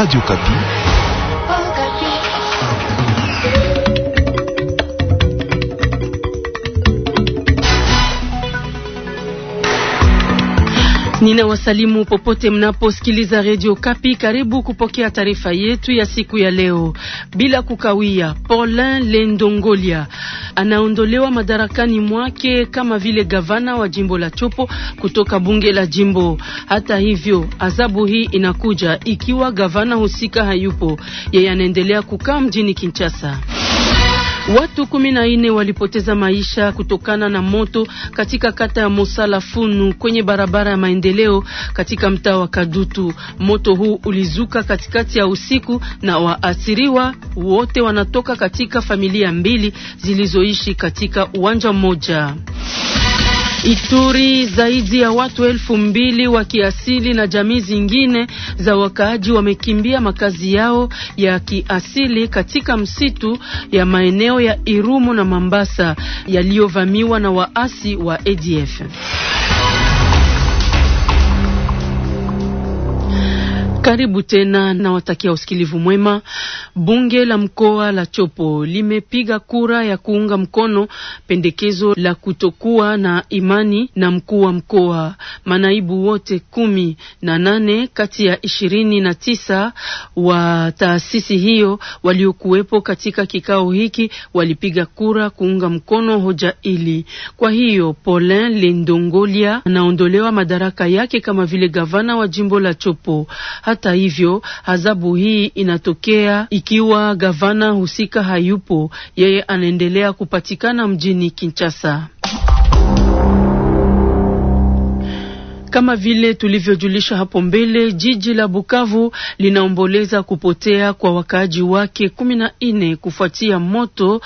Radio Capi Ninawasalimu popote mnaposikiliza redio Kapi. Karibu kupokea taarifa yetu ya siku ya leo. Bila kukawia, Paulin Lendongolia anaondolewa madarakani mwake kama vile gavana wa jimbo la Chopo kutoka bunge la jimbo. Hata hivyo, adhabu hii inakuja ikiwa gavana husika hayupo, yeye anaendelea kukaa mjini Kinshasa. Watu kumi na nne walipoteza maisha kutokana na moto katika kata ya Mosala Funu kwenye barabara ya maendeleo katika mtaa wa Kadutu. Moto huu ulizuka katikati ya usiku na waathiriwa wote wanatoka katika familia mbili zilizoishi katika uwanja mmoja. Ituri, zaidi ya watu elfu mbili wa kiasili na jamii zingine za wakaaji wamekimbia makazi yao ya kiasili katika msitu ya maeneo ya Irumu na Mambasa yaliyovamiwa na waasi wa ADF. Karibu tena na watakia usikilivu mwema. Bunge la mkoa la Chopo limepiga kura ya kuunga mkono pendekezo la kutokuwa na imani na mkuu wa mkoa. Manaibu wote kumi na nane kati ya ishirini na tisa wa taasisi hiyo waliokuwepo katika kikao hiki walipiga kura kuunga mkono hoja ili. Kwa hiyo Paulin Lindongolia anaondolewa madaraka yake kama vile gavana wa jimbo la Chopo. Hata hivyo, adhabu hii inatokea ikiwa gavana husika hayupo, yeye anaendelea kupatikana mjini Kinshasa. Kama vile tulivyojulisha hapo mbele, jiji la Bukavu linaomboleza kupotea kwa wakaaji wake kumi na nne kufuatia moto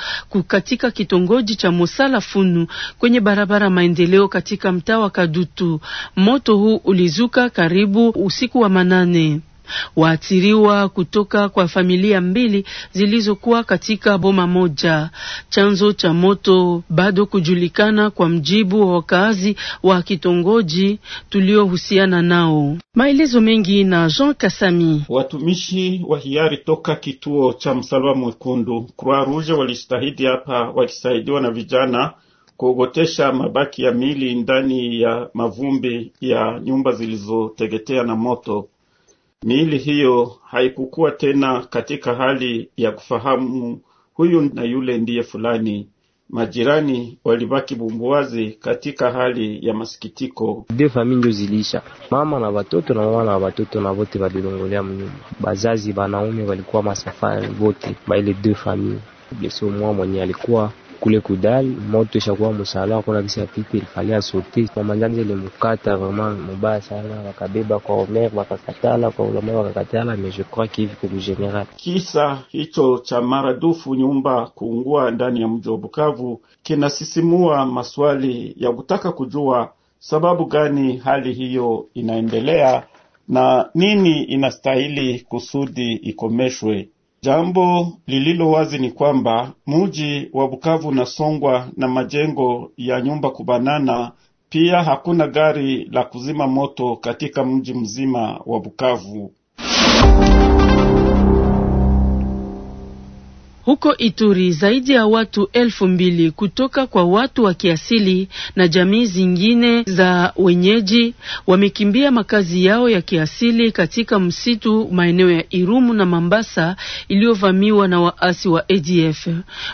katika kitongoji cha Mosala Funu kwenye barabara maendeleo katika mtaa wa Kadutu. Moto huu ulizuka karibu usiku wa manane waathiriwa kutoka kwa familia mbili zilizokuwa katika boma moja. Chanzo cha moto bado kujulikana, kwa mjibu wa wakaazi wa kitongoji tuliohusiana nao. Maelezo mengi na Jean Kasami. Watumishi wa hiari toka kituo cha Msalaba Mwekundu Croix Rouge walistahidi hapa wakisaidiwa na vijana kuogotesha mabaki ya mili ndani ya mavumbi ya nyumba zilizoteketea na moto. Miili hiyo haikukuwa tena katika hali ya kufahamu huyu na yule ndiye fulani. Majirani walibaki bumbuwazi katika hali ya masikitiko. De famili ndio ziliisha, mama na watoto na mama na watoto na wote valilongolea mnyuma. Bazazi banaume walikuwa masafari wote baile de famili. Blessé mwenye alikuwa kule kudal moto ishakuwa msala, kuna kisi ya pipi ilifanya kwa Mama ile mkata vraiment mbaya sana, wakabeba kwa omer wakakatala, kwa ulama wakakatala, mais je crois kivi kwa general. Kisa hicho cha maradufu nyumba kuungua ndani ya mji wa Bukavu kinasisimua maswali ya kutaka kujua sababu gani hali hiyo inaendelea na nini inastahili kusudi ikomeshwe. Jambo lililo wazi ni kwamba muji wa Bukavu unasongwa na majengo ya nyumba kubanana. Pia hakuna gari la kuzima moto katika mji mzima wa Bukavu. Huko Ituri zaidi ya watu elfu mbili kutoka kwa watu wa kiasili na jamii zingine za wenyeji wamekimbia makazi yao ya kiasili katika msitu maeneo ya Irumu na Mambasa iliyovamiwa na waasi wa ADF.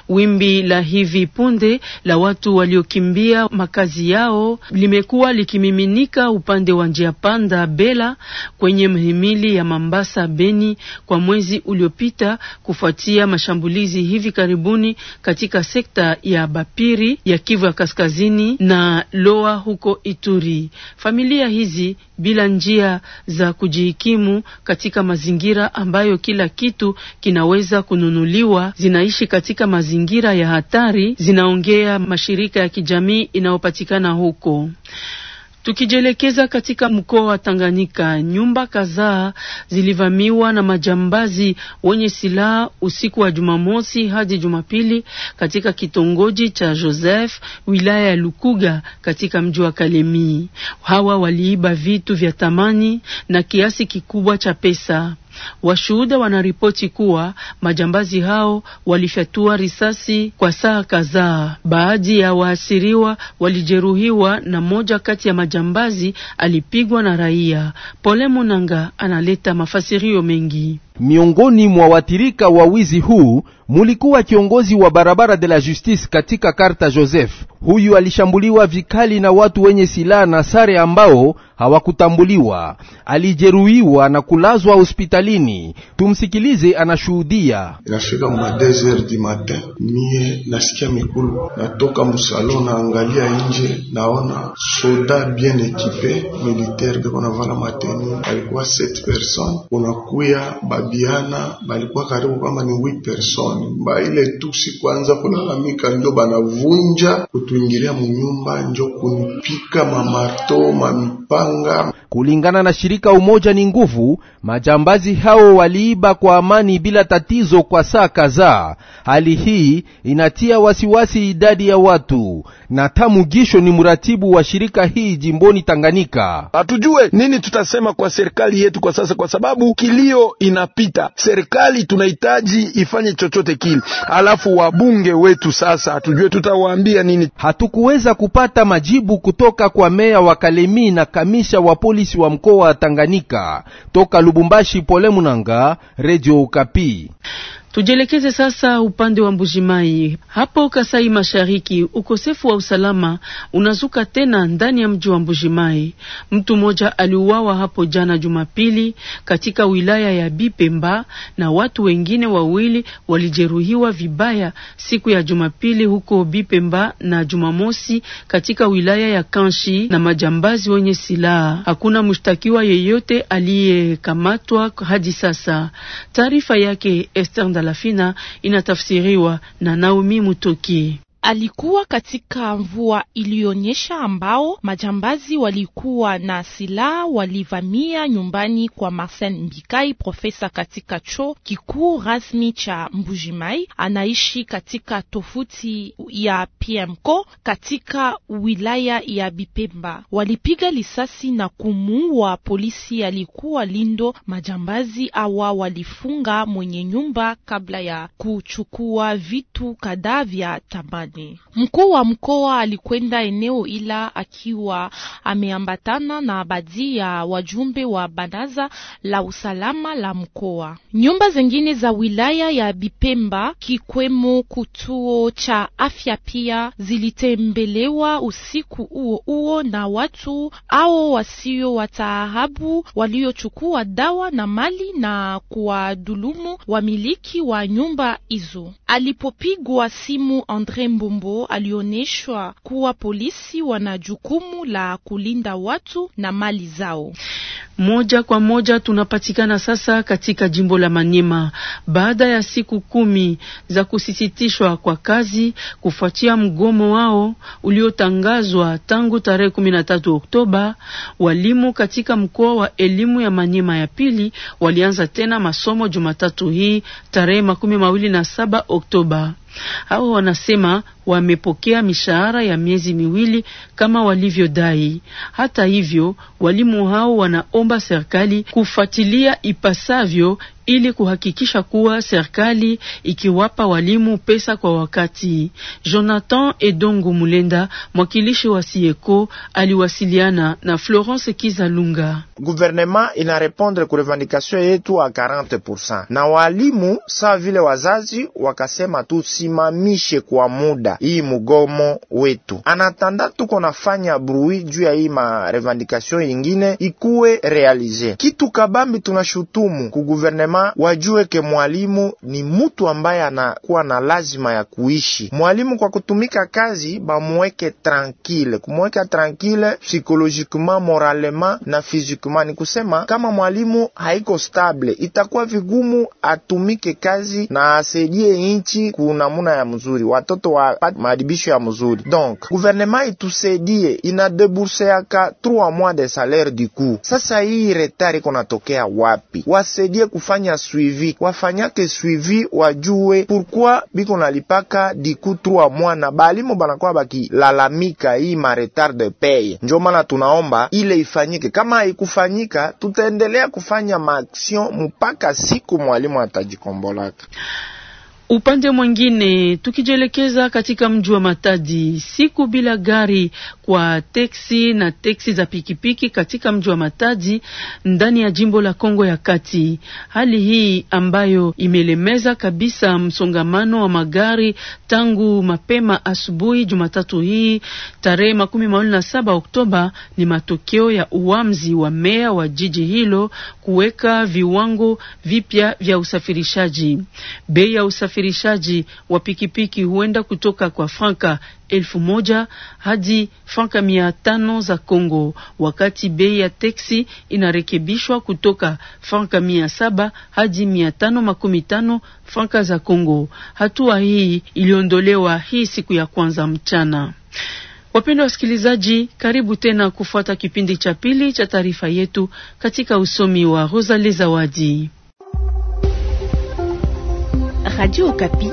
Wimbi la hivi punde la watu waliokimbia makazi yao limekuwa likimiminika upande wa njia panda Bela kwenye mhimili ya Mambasa Beni kwa mwezi uliopita kufuatia mashambulio mashambulizi hivi karibuni katika sekta ya Bapiri ya Kivu ya Kaskazini na Loa huko Ituri. Familia hizi bila njia za kujihikimu katika mazingira ambayo kila kitu kinaweza kununuliwa, zinaishi katika mazingira ya hatari, zinaongea mashirika ya kijamii inayopatikana huko. Tukijielekeza katika mkoa wa Tanganyika, nyumba kadhaa zilivamiwa na majambazi wenye silaha usiku wa Jumamosi hadi Jumapili katika kitongoji cha Joseph, wilaya ya Lukuga, katika mji wa Kalemi. Hawa waliiba vitu vya thamani na kiasi kikubwa cha pesa. Washuhuda wanaripoti kuwa majambazi hao walifyatua risasi kwa saa kadhaa. Baadhi ya waasiriwa walijeruhiwa na moja kati ya majambazi alipigwa na raia. Pole Munanga analeta mafasirio mengi. Miongoni mwa watirika wa wizi huu mulikuwa kiongozi wa barabara de la Justice katika Karta Joseph. Huyu alishambuliwa vikali na watu wenye silaha na sare ambao hawakutambuliwa. Alijeruhiwa na kulazwa hospitalini. Tumsikilize, anashuhudia. Inafika mwa 2h du matin, mie nasikia mikulu, natoka musalo, naangalia nje, naona soda bien ekipe militaire beko navala mateni, alikuwa 7 personnes kunakuya ba kukabiana balikuwa karibu kama ni wi persone mba ile tusi kwanza kulalamika njo banavunja kutuingilia munyumba njo kunipika mamarto mamipanga. Kulingana na shirika Umoja ni Nguvu, majambazi hao waliiba kwa amani bila tatizo kwa saa kadhaa. Hali hii inatia wasiwasi idadi ya watu na Tamugisho ni mratibu wa shirika hii jimboni Tanganyika. Hatujue nini tutasema kwa serikali yetu kwa sasa, kwa sababu kilio inapita. Serikali tunahitaji ifanye chochote kile, alafu wabunge wetu sasa, hatujue tutawaambia nini. Hatukuweza kupata majibu kutoka kwa meya wa Kalemi na kamisha wa polisi wa mkoa wa Tanganyika. Toka Lubumbashi, Pole Munanga, Radio Okapi. Tujielekeze sasa upande wa Mbujimai. Hapo Kasai Mashariki, ukosefu wa usalama unazuka tena ndani ya mji wa Mbujimai. Mtu mmoja aliuawa hapo jana Jumapili katika wilaya ya Bipemba na watu wengine wawili walijeruhiwa vibaya siku ya Jumapili huko Bipemba na Jumamosi katika wilaya ya Kanshi na majambazi wenye silaha. Hakuna mshtakiwa yeyote aliyekamatwa hadi sasa. Taarifa yake Esther Baraza la Fina inatafsiriwa na Naomi Mutoki. Alikuwa katika mvua iliyonyesha ambao majambazi walikuwa na silaha walivamia nyumbani kwa Marcel Mbikai, profesa katika cho kikuu rasmi cha Mbujimai, anaishi katika tofuti ya PMCO katika wilaya ya Bipemba. Walipiga lisasi na kumuua polisi alikuwa Lindo. Majambazi awa walifunga mwenye nyumba kabla ya kuchukua vitu kadhaa vya Matadi. Mkuu wa mkoa alikwenda eneo ila akiwa ameambatana na baadhi ya wajumbe wa baraza la usalama la mkoa. Nyumba zingine za wilaya ya Bipemba kikwemo kutuo cha afya pia zilitembelewa usiku huo huo na watu ao wasio wataahabu waliochukua dawa na mali na kuwadhulumu wamiliki wa nyumba hizo. Alipopigwa simu Andre Mbombo alionyeshwa kuwa polisi wana jukumu la kulinda watu na mali zao. Moja kwa moja tunapatikana sasa katika jimbo la Manyema baada ya siku kumi za kusisitishwa kwa kazi kufuatia mgomo wao uliotangazwa tangu tarehe 13 Oktoba. Walimu katika mkoa wa elimu ya Manyema ya pili walianza tena masomo Jumatatu hii tarehe makumi mawili na saba Oktoba. Hao wanasema wamepokea mishahara ya miezi miwili kama walivyodai. Hata hivyo, walimu hao wanaomba serikali kufuatilia ipasavyo ili kuhakikisha kuwa serikali ikiwapa walimu pesa kwa wakati. Jonathan Edongo Mulenda, mwakilishi wa Sieko, aliwasiliana na Florence Kizalunga. Guvernema inarepondre ku revendication yetu a 40% na walimu saa vile wazazi wakasema tusimamishe kwa muda hii mugomo wetu, anatanda tuko nafanya brui juu ya hii ma revendication yingine ikuwe realize kitu kabambi. Tunashutumu ku guvernema kama wajue ke mwalimu ni mutu ambaye anakuwa na lazima ya kuishi. Mwalimu kwa kutumika kazi bamuweke tranquille, kumweka tranquille psychologiquement, moralema na physiquement. Ni kusema kama mwalimu haiko stable, itakuwa vigumu atumike kazi na asaidie inchi kunamuna ya mzuri, watoto wa maadibisho ya mzuri. Donc guvernema itusaidie, inadeburseaka 3 mois de salaire du coup. Sasa hii retari konatokea wapi? wasaidie kufanya kufanya suivi, wafanyake suivi wajue pourquoi biko nalipaka 3 wa na balimo banakuwa bakilalamika hii maretard de paye. njo maana tunaomba ile ifanyike, kama haikufanyika tutaendelea kufanya maaksion mpaka siku mwalimu atajikombolaka. Upande mwingine tukijielekeza katika mji wa Matadi, siku bila gari kwa teksi na teksi za pikipiki katika mji wa Matadi ndani ya jimbo la Kongo ya Kati, hali hii ambayo imelemeza kabisa msongamano wa magari tangu mapema asubuhi Jumatatu hii tarehe makumi mawili na saba Oktoba ni matokeo ya uamuzi wa meya wa jiji hilo kuweka viwango vipya vya usafirishaji bei ya usafiri usafirishaji wa pikipiki huenda kutoka kwa franka elfu moja hadi franka mia tano za congo wakati bei ya teksi inarekebishwa kutoka franka mia saba hadi mia tano makumi tano franka za congo Hatua hii iliondolewa hii siku ya kwanza mchana. Wapendwa wasikilizaji, karibu tena kufuata kipindi cha pili cha taarifa yetu katika usomi wa Rosalie Zawadi. Radio Okapi,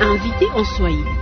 invité en Swahili.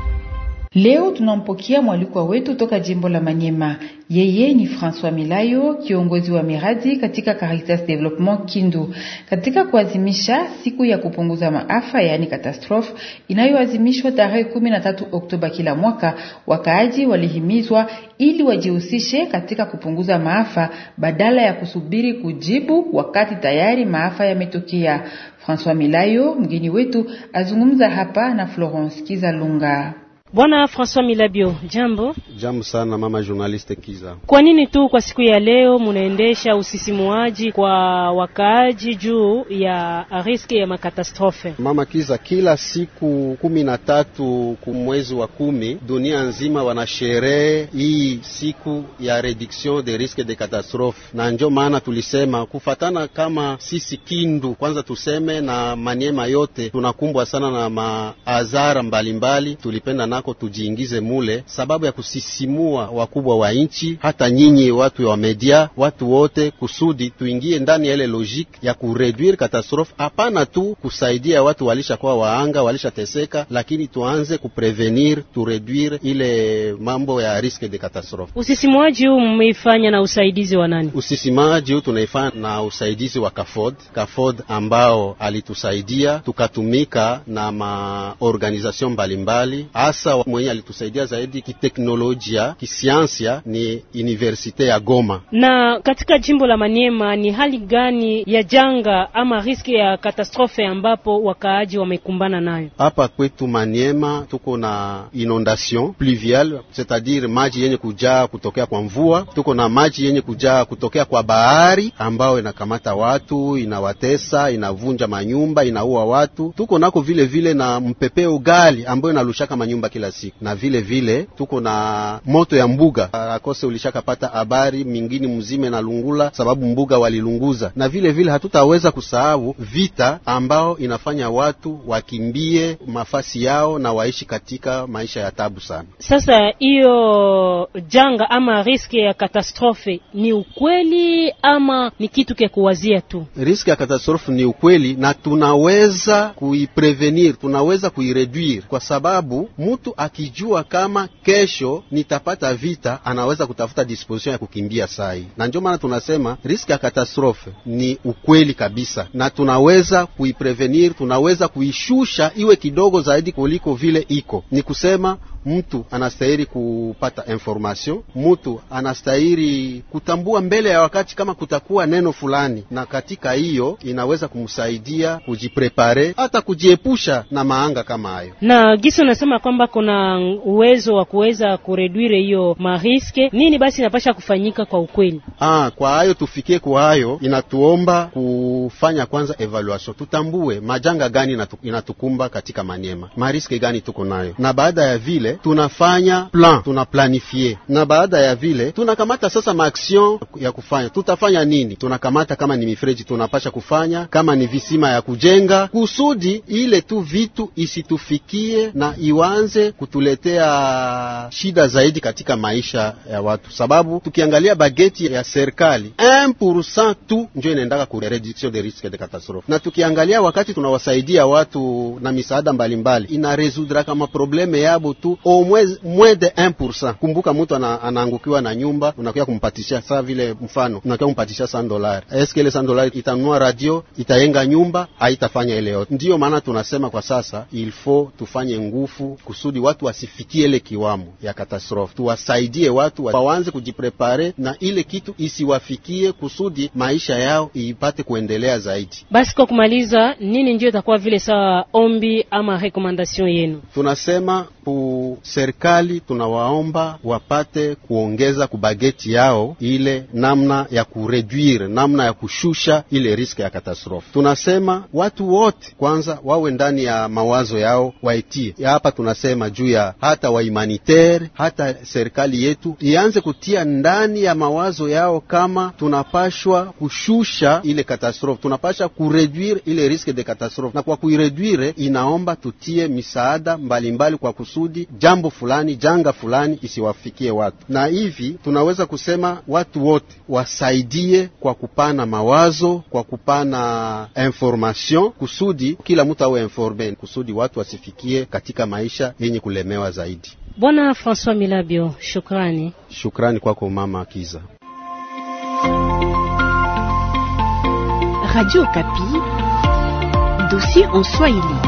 Leo tunampokea mwalikwa wetu toka jimbo la Manyema. Yeye ni François Milayo, kiongozi wa miradi katika Caritas Development Kindu, katika kuazimisha siku ya kupunguza maafa yaani katastrofe inayoazimishwa tarehe 13 Oktoba kila mwaka. Wakaaji walihimizwa ili wajihusishe katika kupunguza maafa badala ya kusubiri kujibu wakati tayari maafa yametokea. François Milayo, mgeni wetu, azungumza hapa na Florence Kizalunga. Bwana François Milabio, jambo. Jambo sana mama journaliste Kiza. Kwa nini tu kwa siku ya leo munaendesha usisimuaji kwa wakaaji juu ya riski ya makatastrofe? Mama Kiza, kila siku kumi na tatu kumwezi wa kumi dunia nzima wanasherehe hii siku ya reduction de risque de catastrophe, na ndio maana tulisema kufatana kama sisi Kindu kwanza tuseme na Maniema yote tunakumbwa sana na maadhara mbalimbali, tulipenda na nako tujiingize mule, sababu ya kusisimua wakubwa wa nchi, hata nyinyi watu wa media, watu wote, kusudi tuingie ndani ya ile logique ya kureduire katastrofe. Hapana tu kusaidia watu walishakuwa waanga, walishateseka, lakini tuanze kuprevenir, tureduire ile mambo ya risque de katastrofe. Usisimuaji huu mmeifanya na usaidizi wa nani? Usisimuaji huu tunaifanya na usaidizi wa Kafod, Kafod ambao alitusaidia tukatumika na maorganization mbalimbali hasa sasa mwenye alitusaidia zaidi kiteknolojia, kisiansia ni universite ya Goma. Na katika jimbo la Maniema ni hali gani ya janga ama riski ya katastrofe ambapo wakaaji wamekumbana nayo? Hapa kwetu Maniema tuko na inondation pluviale, c'est-à-dire maji yenye kujaa kutokea kwa mvua. Tuko na maji yenye kujaa kutokea kwa bahari ambayo inakamata watu, inawatesa, inavunja manyumba, inaua watu. Tuko nako vile vile na mpepeo gali ambayo inalushaka manyumba kila siku, na vile vile tuko na moto ya mbuga akose, ulishakapata habari mingine mzime na lungula, sababu mbuga walilunguza, na vile vile hatutaweza kusahau vita ambao inafanya watu wakimbie mafasi yao na waishi katika maisha ya tabu sana. Sasa hiyo janga ama riski ya katastrofe ni ukweli ama ni kitu kya kuwazia tu? Riski ya katastrofe ni ukweli na tunaweza kuiprevenir, tunaweza kuireduire kwa sababu mtu mtu akijua kama kesho nitapata vita, anaweza kutafuta disposition ya kukimbia sai, na ndio maana tunasema riski ya katastrofe ni ukweli kabisa, na tunaweza kuiprevenir, tunaweza kuishusha iwe kidogo zaidi kuliko vile iko. Ni kusema mtu anastahili kupata information, mtu anastahili kutambua mbele ya wakati kama kutakuwa neno fulani, na katika hiyo inaweza kumsaidia kujiprepare, hata kujiepusha na maanga kama hayo. Na gisi unasema kwamba kuna uwezo wa kuweza kureduire hiyo mariske, nini basi inapasha kufanyika kwa ukweli? Ah, kwa hayo tufikie, kwa hayo inatuomba kufanya kwanza evaluation, tutambue majanga gani inatukumba katika Maniema, mariske gani tuko nayo, na baada ya vile tunafanya plan, tunaplanifie na baada ya vile tunakamata sasa maaksion ya kufanya. Tutafanya nini? Tunakamata kama ni mifereji tunapasha kufanya, kama ni visima ya kujenga, kusudi ile tu vitu isitufikie na iwanze kutuletea shida zaidi katika maisha ya watu, sababu tukiangalia bageti ya serikali 1% tu ndio inaendaka ku reduction de risque de catastrophe, na tukiangalia wakati tunawasaidia watu na misaada mbalimbali, ina resudra kama probleme yabo tu au moins moins de 1%. Kumbuka mtu anaangukiwa na nyumba, unakuja kumpatisha saa vile, mfano unakuja kumpatisha 100 Est-ce eske les 100 dollars itanua radio, itayenga nyumba, haitafanya ile yote. Ndiyo maana tunasema kwa sasa faut tufanye ngufu kusudi watu wasifikie ile kiwamo ya katastrofe, tuwasaidie watu waanze kujiprepare na ile kitu isiwafikie kusudi maisha yao ipate kuendelea zaidi. Basi kwa kumaliza, nini ndio itakuwa vile sawa ombi ama recommendation yenu? Tunasema pu serikali tunawaomba wapate kuongeza kubageti yao ile namna ya kureduire, namna ya kushusha ile riski ya katastrofe. Tunasema watu wote kwanza wawe ndani ya mawazo yao waitie ya hapa, tunasema juu ya hata wahumanitaire, hata serikali yetu ianze kutia ndani ya mawazo yao kama tunapashwa kushusha ile katastrofe, tunapasha kureduire ile riski de katastrofe, na kwa kuireduire inaomba tutie misaada mbalimbali mbali kwa kusudi jambo fulani, janga fulani isiwafikie watu. Na hivi tunaweza kusema watu wote wasaidie kwa kupana mawazo, kwa kupana information, kusudi kila mtu awe informe, kusudi watu wasifikie katika maisha yenye kulemewa zaidi. Bwana François Milabio, shukrani. Shukrani kwako mama Kiza. Radio Kapi, dossier en Swahili.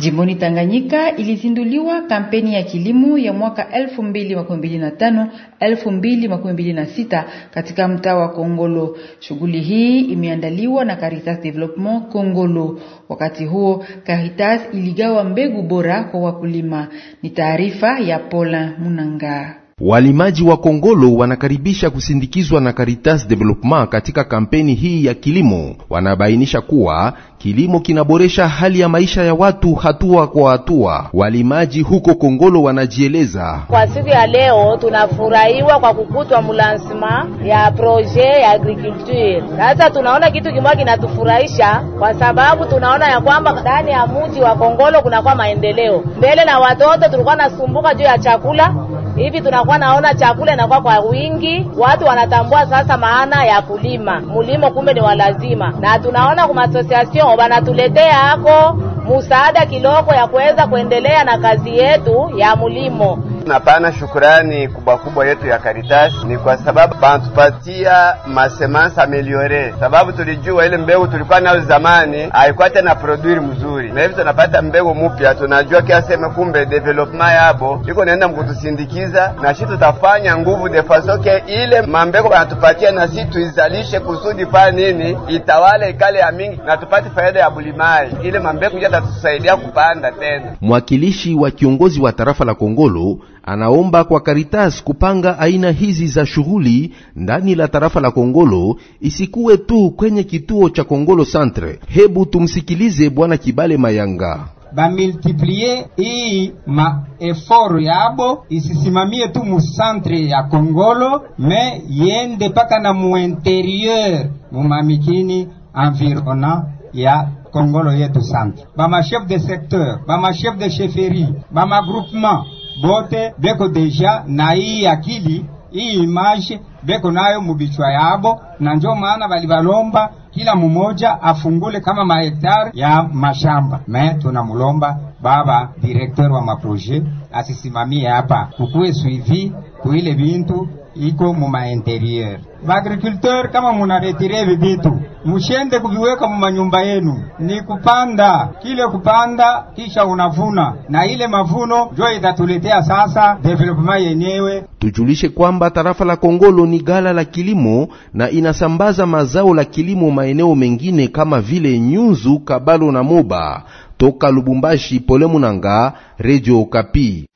Jimboni Tanganyika ilizinduliwa kampeni ya kilimo ya mwaka 2025 2026 katika mtaa wa Kongolo. Shughuli hii imeandaliwa na Caritas Development Kongolo. Wakati huo Caritas iligawa mbegu bora kwa wakulima. Ni taarifa ya Paula Munanga. Walimaji wa Kongolo wanakaribisha kusindikizwa na Caritas Development katika kampeni hii ya kilimo. Wanabainisha kuwa kilimo kinaboresha hali ya maisha ya watu hatua kwa hatua. Walimaji huko Kongolo wanajieleza: kwa siku ya leo tunafurahiwa kwa kukutwa mulansima ya proje ya agriculture. Sasa tunaona kitu kimoja kinatufurahisha kwa sababu tunaona ya kwamba ndani ya mji wa Kongolo kunakuwa maendeleo. Mbele na watoto tulikuwa nasumbuka juu ya chakula, hivi tunakuwa wanakuwa naona chakula inakuwa kwa wingi, watu wanatambua sasa maana ya kulima mulimo, kumbe ni walazima, na tunaona kwa association wanatuletea hako musaada kiloko ya kuweza kuendelea na kazi yetu ya mulimo. Napana shukurani kubwa kubwa yetu ya Caritas ni kwa sababu bantupatia masemansa ameliore, sababu tulijua ile mbegu tulikuwa nayo zamani haikuwa tena produire mzuri, na hivi tunapata mbegu mupya, tunajua kiaseme kumbe development yabo iko naenda mkutusindikiza, na shi tutafanya nguvu de fasoke ile mambeko banatupatia na si tuizalishe kusudi pa nini itawale ikale ya mingi na tupate faida ya bulimai ile mambeko itatusaidia kupanda tena. Mwakilishi wa kiongozi wa tarafa la Kongolo anaomba kwa Karitas kupanga aina hizi za shughuli ndani la tarafa la Kongolo, isikuwe tu kwenye kituo cha Kongolo Centre. Hebu tumsikilize Bwana Kibale Mayanga. Bamultiplie iyi maeforo yabo isisimamie tu musantre ya Kongolo, me yende mpaka na muinterieur mumamikini environa ya Kongolo yetu centre, bama chef de secteur, bama chef de cheferie, bama groupement bote beko deja na hii akili hii image beko nayo mubichwa yabo, na njo maana balibalomba kila mumoja afungule kama mahektari ya mashamba. Me tunamulomba baba direkteur wa maproje asisimamie hapa kukuwe suivi kuile bintu iko muma interior vaagriculteur kama munaretire vibitu mushende kuviweka mumanyumba yenu, ni kupanda kile kupanda, kisha unavuna na ile mavuno njo itatuletea sasa development yenyewe. Tujulishe kwamba tarafa la Kongolo ni gala la kilimo na inasambaza mazao la kilimo maeneo mengine kama vile Nyunzu, Kabalo na Moba. Toka Lubumbashi, Pole Munanga, Radio Okapi.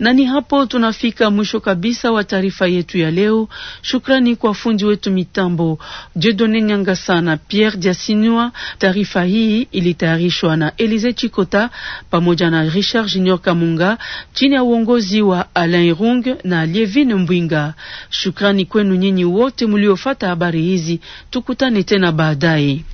Na ni hapo tunafika mwisho kabisa wa taarifa yetu ya leo. Shukrani kwa fundi wetu mitambo Jedone Nyanga sana Pierre Jasinua. Taarifa hii ilitayarishwa na Elize Chikota pamoja na Richard Junior Kamunga chini ya uongozi wa Alain Rung na Lievin Mbwinga. Shukrani kwenu nyinyi wote mliofata habari hizi, tukutane tena baadaye.